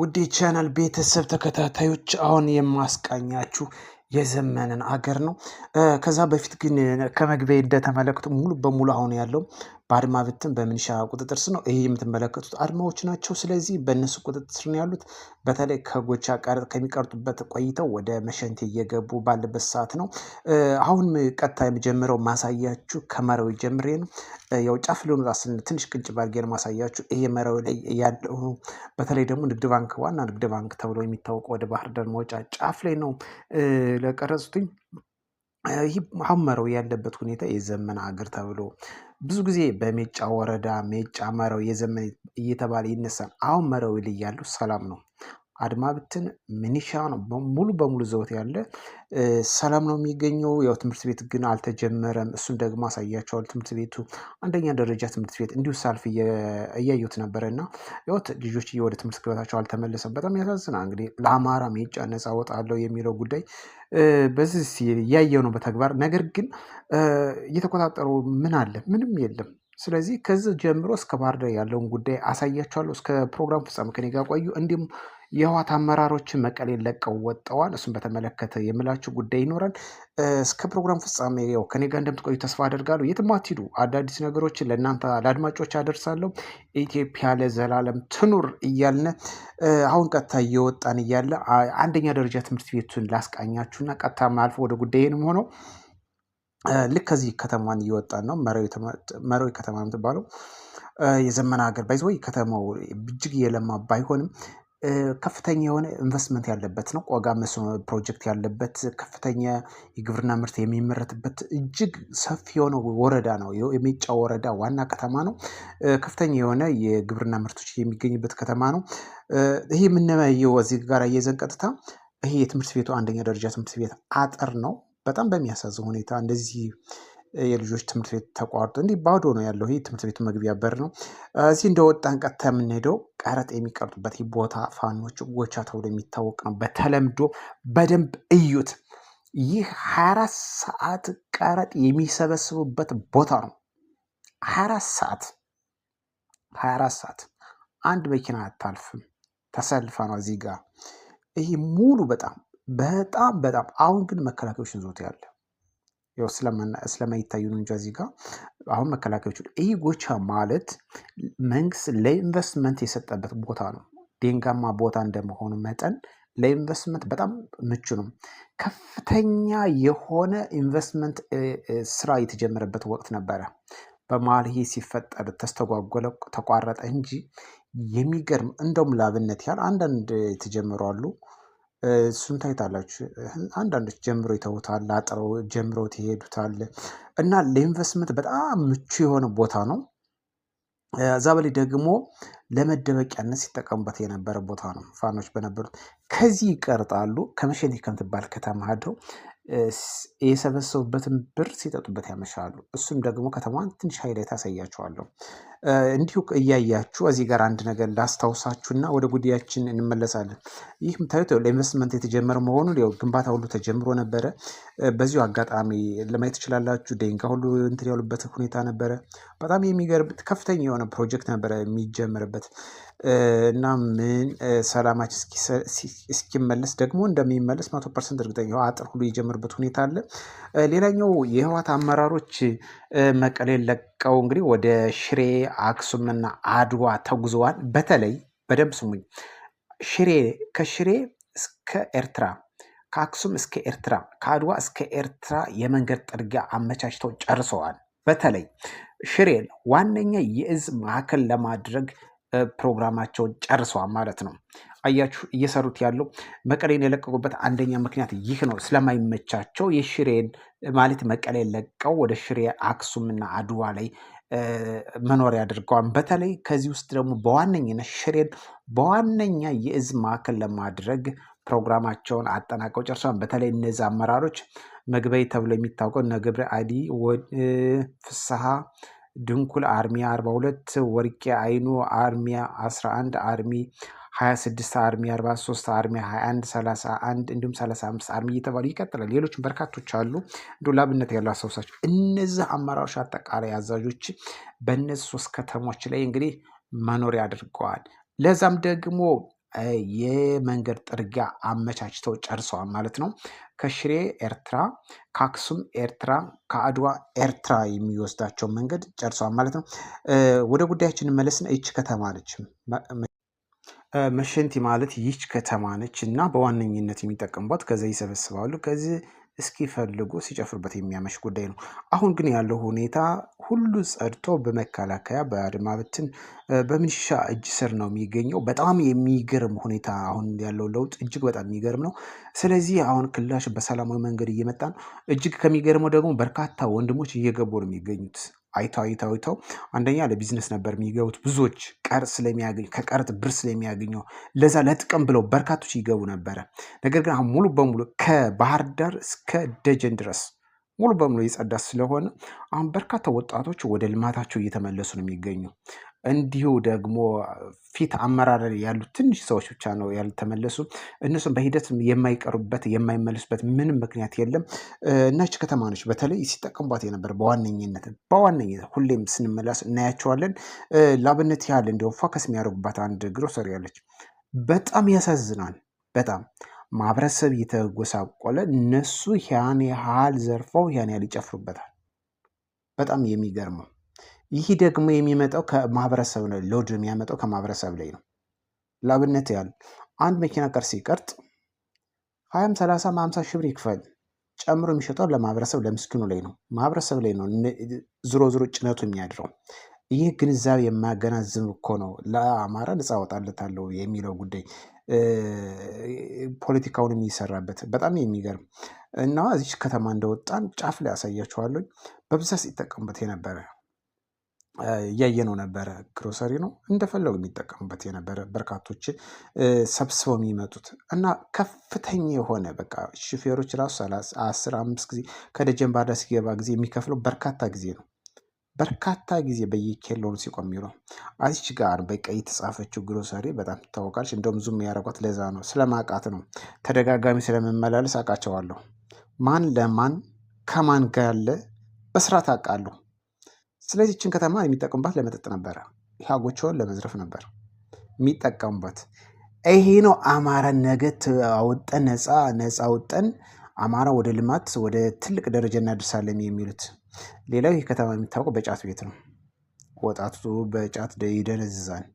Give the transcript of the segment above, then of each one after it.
ውድ ቻናል ቤተሰብ ተከታታዮች አሁን የማስቃኛችሁ የዘመንን አገር ነው። ከዛ በፊት ግን ከመግቢያ እንደተመለከቱ ሙሉ በሙሉ አሁን ያለው በአድማ ብትን በምንሻ ቁጥጥር ስር ነው። ይህ የምትመለከቱት አድማዎች ናቸው። ስለዚህ በእነሱ ቁጥጥር ስር ነው ያሉት። በተለይ ከጎቻ ቀረጥ ከሚቀርጡበት ቆይተው ወደ መሸንቴ እየገቡ ባለበት ሰዓት ነው። አሁን ቀጥታ የምጀምረው ማሳያችሁ ከመራዊ ጀምሬ ነው። ያው ጫፍ ሊሆኑ ራስን ትንሽ ቅንጭ ባርጌ ነው ማሳያችሁ። ይሄ መራዊ ላይ ያለው በተለይ ደግሞ ንግድ ባንክ ዋና ንግድ ባንክ ተብሎ የሚታወቀው ወደ ባህር ዳር መውጫ ጫፍ ላይ ነው ለቀረጹትኝ ይህ አሁን መራዊ ያለበት ሁኔታ የዘመን አገር ተብሎ ብዙ ጊዜ በሜጫ ወረዳ ሜጫ መረው የዘመን እየተባለ ይነሳል። አሁን መረው ይልያሉ። ሰላም ነው። አድማብትን ምኒሻ ነው ሙሉ በሙሉ ዘውት ያለ ሰላም ነው የሚገኘው። ያው ትምህርት ቤት ግን አልተጀመረም። እሱን ደግሞ አሳያቸዋል። ትምህርት ቤቱ አንደኛ ደረጃ ትምህርት ቤት እንዲሁ ሳልፍ እያዩት ነበረ እና ያው ልጆች ወደ ትምህርት ገበታቸው አልተመለሰም። በጣም ያሳዝናል። እንግዲህ ለአማራ ሜጫ ነጻ ወጣለው የሚለው ጉዳይ በዚህ እያየው ነው በተግባር ነገር ግን እየተቆጣጠሩ ምን አለ ምንም የለም። ስለዚህ ከዚህ ጀምሮ እስከ ባህር ዳር ያለውን ጉዳይ አሳያቸዋለሁ። እስከ ፕሮግራም ፍጻሜ ከኔ ጋር ቆዩ። እንዲሁም የህወሓት አመራሮችን መቀሌን ለቀው ወጥተዋል። እሱን በተመለከተ የምላችሁ ጉዳይ ይኖራል። እስከ ፕሮግራም ፍጻሜ ያው ከኔ ጋር እንደምትቆዩ ተስፋ አደርጋለሁ። የትም አትሂዱ። አዳዲስ ነገሮችን ለእናንተ ለአድማጮች አደርሳለሁ። ኢትዮጵያ ለዘላለም ትኑር እያልን አሁን ቀጥታ እየወጣን እያለ አንደኛ ደረጃ ትምህርት ቤቱን ላስቃኛችሁና ቀጥታ ማልፎ ወደ ጉዳይንም ሆነው ልክ ከዚህ ከተማን እየወጣን ነው። መራዊ ከተማ የምትባለው የዘመነ ሀገር ባይዘወይ ከተማው እጅግ የለማ ባይሆንም ከፍተኛ የሆነ ኢንቨስትመንት ያለበት ነው። ቆጋ መስኖ ፕሮጀክት ያለበት ከፍተኛ የግብርና ምርት የሚመረትበት እጅግ ሰፊ የሆነ ወረዳ ነው። የሜጫ ወረዳ ዋና ከተማ ነው። ከፍተኛ የሆነ የግብርና ምርቶች የሚገኝበት ከተማ ነው። ይህ የምናየው እዚህ ጋር እየዘን ቀጥታ ይሄ የትምህርት ቤቱ አንደኛ ደረጃ ትምህርት ቤት አጥር ነው። በጣም በሚያሳዝን ሁኔታ እንደዚህ የልጆች ትምህርት ቤት ተቋርጦ እንዲህ ባዶ ነው ያለው። ይህ ትምህርት ቤቱ መግቢያ በር ነው። እዚህ እንደወጣን ቀጥታ የምንሄደው ቀረጥ የሚቀርጡበት ይህ ቦታ ፋኖች ጎቻ ተብሎ የሚታወቅ ነው። በተለምዶ በደንብ እዩት። ይህ 24 ሰዓት ቀረጥ የሚሰበስቡበት ቦታ ነው። 24 ሰዓት 24 ሰዓት አንድ መኪና አታልፍም። ተሰልፋ ነው እዚህ ጋር ይህ ሙሉ በጣም በጣም በጣም አሁን ግን መከላከያዎችን ዞት ያለ ያው ስለማይታዩ ነው እንጂ እዚህ ጋር አሁን መከላከያዎቹ ይህ ጎቻ ማለት መንግስት ለኢንቨስትመንት የሰጠበት ቦታ ነው። ደንጋማ ቦታ እንደመሆኑ መጠን ለኢንቨስትመንት በጣም ምቹ ነው። ከፍተኛ የሆነ ኢንቨስትመንት ስራ የተጀመረበት ወቅት ነበረ። በመሀል ይሄ ሲፈጠር ተስተጓጎለ፣ ተቋረጠ እንጂ የሚገርም እንደውም ላብነት ያህል አንዳንድ የተጀመሩ አሉ እሱን ታይታላችሁ። አንዳንዶች ጀምሮ ይተውታል፣ አጥረው ጀምሮ ትሄዱታል እና ለኢንቨስትመንት በጣም ምቹ የሆነ ቦታ ነው። እዛ በላይ ደግሞ ለመደበቂያነት ሲጠቀሙበት የነበረ ቦታ ነው። ፋኖች በነበሩት ከዚህ ይቀርጣሉ። ከመሸኔ ከምትባል ከተማ አድረው የሰበሰቡበትን ብር ሲጠጡበት ያመሻሉ። እሱም ደግሞ ከተማዋን ትንሽ ሀይላይ ታሳያቸዋለሁ። እንዲሁ እያያችሁ እዚህ ጋር አንድ ነገር ላስታውሳችሁና ወደ ጉዳያችን እንመለሳለን። ይህ የምታዩት ለኢንቨስትመንት የተጀመረ መሆኑን ያው ግንባታ ሁሉ ተጀምሮ ነበረ። በዚሁ አጋጣሚ ለማየት ትችላላችሁ። ደንጋ ሁሉ እንትን ያሉበት ሁኔታ ነበረ። በጣም የሚገርም ከፍተኛ የሆነ ፕሮጀክት ነበረ የሚጀምርበት እና ምን ሰላማች እስኪመለስ ደግሞ እንደሚመለስ መቶ ፐርሰንት እርግጠኛ አጥር ሁሉ የጀመርበት ሁኔታ አለ። ሌላኛው የህወሓት አመራሮች መቀሌ ለቀው እንግዲህ ወደ ሽሬ አክሱምና አድዋ ተጉዘዋል። በተለይ በደንብ ስሙኝ። ሽሬ ከሽሬ እስከ ኤርትራ ከአክሱም እስከ ኤርትራ ከአድዋ እስከ ኤርትራ የመንገድ ጥርጊያ አመቻችተው ጨርሰዋል። በተለይ ሽሬን ዋነኛ የእዝ ማዕከል ለማድረግ ፕሮግራማቸውን ጨርሰዋል ማለት ነው። አያችሁ እየሰሩት ያለው መቀሌን የለቀቁበት አንደኛ ምክንያት ይህ ነው። ስለማይመቻቸው የሽሬን ማለት መቀሌን ለቀው ወደ ሽሬ አክሱምና አድዋ ላይ መኖሪያ አድርገዋል። በተለይ ከዚህ ውስጥ ደግሞ በዋነኝነት ሽሬን በዋነኛ የእዝ ማዕከል ለማድረግ ፕሮግራማቸውን አጠናቀው ጨርሰዋል። በተለይ እነዚህ አመራሮች መግበይ ተብሎ የሚታወቀው ነግብረ አዲ ፍስሐ ድንኩል አርሚያ 42፣ ወርቄ አይኑ አርሚያ 11 አርሚ 26 አርሚ 43 አርሚ 21 31 እንዲሁም 35 አርሚ እየተባሉ ይቀጥላል። ሌሎችም በርካቶች አሉ። እንዲሁ ላብነት ያሉ አስታውሳቸው እነዚህ አመራሮች አጠቃላይ አዛዦች በእነዚህ ሶስት ከተሞች ላይ እንግዲህ መኖሪያ አድርገዋል። ለዛም ደግሞ የመንገድ ጥርጊያ አመቻችተው ጨርሰዋል ማለት ነው። ከሽሬ ኤርትራ፣ ከአክሱም ኤርትራ፣ ከአድዋ ኤርትራ የሚወስዳቸው መንገድ ጨርሰዋል ማለት ነው። ወደ ጉዳያችን መለስን። ይቺ ከተማ ነች። መሸንቲ ማለት ይህች ከተማ ነች እና በዋነኝነት የሚጠቀሙባት ከዚ ይሰበስባሉ። ከዚህ እስኪፈልጉ ሲጨፍሩበት የሚያመሽ ጉዳይ ነው። አሁን ግን ያለው ሁኔታ ሁሉ ጸድቶ በመከላከያ በአድማ ብትን በምንሻ እጅ ስር ነው የሚገኘው። በጣም የሚገርም ሁኔታ አሁን ያለው ለውጥ እጅግ በጣም የሚገርም ነው። ስለዚህ አሁን ክላሽ በሰላማዊ መንገድ እየመጣ ነው። እጅግ ከሚገርመው ደግሞ በርካታ ወንድሞች እየገቡ ነው የሚገኙት። አይተው አይተው አይተው አንደኛ ለቢዝነስ ነበር የሚገቡት ብዙዎች ቀር ስለሚያገኙ ከቀረጥ ብር ስለሚያገኙ ለዛ ለጥቅም ብለው በርካቶች ይገቡ ነበረ። ነገር ግን አሁን ሙሉ በሙሉ ከባህር ዳር እስከ ደጀን ድረስ ሙሉ በሙሉ የጸዳ ስለሆነ አሁን በርካታ ወጣቶች ወደ ልማታቸው እየተመለሱ ነው የሚገኙ። እንዲሁ ደግሞ ፊት አመራር ያሉ ትንሽ ሰዎች ብቻ ነው ያልተመለሱ። እነሱም በሂደት የማይቀሩበት የማይመለሱበት ምንም ምክንያት የለም። እናች ከተማ ነች በተለይ ሲጠቀሙባት የነበር በዋነኝነት በዋነኝነት ሁሌም ስንመላስ እናያቸዋለን። ላብነት ያህል እንዲሁም ፎከስ የሚያደርጉባት አንድ ግሮሰሪ ያለች በጣም ያሳዝናል። በጣም ማህበረሰብ የተጎሳቆለ እነሱ ያን ያህል ዘርፈው ያን ያህል ይጨፍሩበታል። በጣም የሚገርመው ይህ ደግሞ የሚመጣው ከማህበረሰብ ነው። ሎድ የሚያመጣው ከማህበረሰብ ላይ ነው። ላብነት ያህል አንድ መኪና ቀር ሲቀርጥ ሀያም ሰላሳ ሀምሳ ሺህ ብር ይክፈል ጨምሮ የሚሸጠው ለማህበረሰብ ለምስኪኑ ላይ ነው። ማህበረሰብ ላይ ነው ዝሮ ዝሮ ጭነቱ የሚያድረው። ይህ ግንዛቤ የማያገናዝብ እኮ ነው ለአማራ ነጻ አወጣለታለሁ የሚለው ጉዳይ ፖለቲካውን የሚሰራበት በጣም የሚገርም እና እዚች ከተማ እንደወጣን ጫፍ ላይ ያሳያችኋለሁ። በብዛት ሲጠቀሙበት የነበረ እያየነው ነበረ። ግሮሰሪ ነው እንደፈለጉ የሚጠቀሙበት የነበረ በርካቶች ሰብስበው የሚመጡት እና ከፍተኛ የሆነ በቃ ሹፌሮች ራሱ አስር አምስት ጊዜ ከደጀን ባዳ ሲገባ ጊዜ የሚከፍለው በርካታ ጊዜ ነው። በርካታ ጊዜ በየኬሎን ሲቆም ይለው አዚች ጋር በቀይ የተጻፈችው ግሮሰሪ በጣም ትታወቃለች። እንደውም ዙም ያደረጓት ለዛ ነው፣ ስለማቃት ነው። ተደጋጋሚ ስለምመላለስ አውቃቸዋለሁ። ማን ለማን ከማን ጋር ያለ በስራት አውቃለሁ። ስለዚህ ይህችን ከተማ የሚጠቀሙባት ለመጠጥ ነበረ። ሀጎቸውን ለመዝረፍ ነበር የሚጠቀሙበት። ይሄ ነው አማራ ነገ አወጠን ነፃ ነፃ አወጠን አማራ ወደ ልማት ወደ ትልቅ ደረጃ እናደርሳለን የሚሉት። ሌላው ይህ ከተማ የሚታወቀው በጫት ቤት ነው። ወጣቱ በጫት ይደነዝዛል።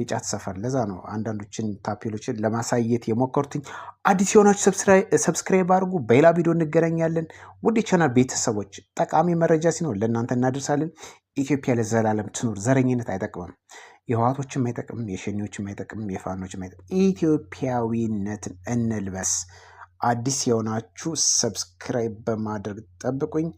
የጫት ሰፈር። ለዛ ነው አንዳንዶችን ታፔሎችን ለማሳየት የሞከሩትኝ አዲስ የሆናችሁ ሰብስክራይብ አድርጉ። በሌላ ቪዲዮ እንገናኛለን። ውድ የቻናል ቤተሰቦች ጠቃሚ መረጃ ሲኖር ለእናንተ እናደርሳለን። ኢትዮጵያ ለዘላለም ትኑር። ዘረኝነት አይጠቅምም። የህዋቶችም አይጠቅምም። የሸኒዎችም አይጠቅምም። የፋኖችም አይጠቅም። ኢትዮጵያዊነትን እንልበስ። አዲስ የሆናችሁ ሰብስክራይብ በማድረግ ጠብቁኝ።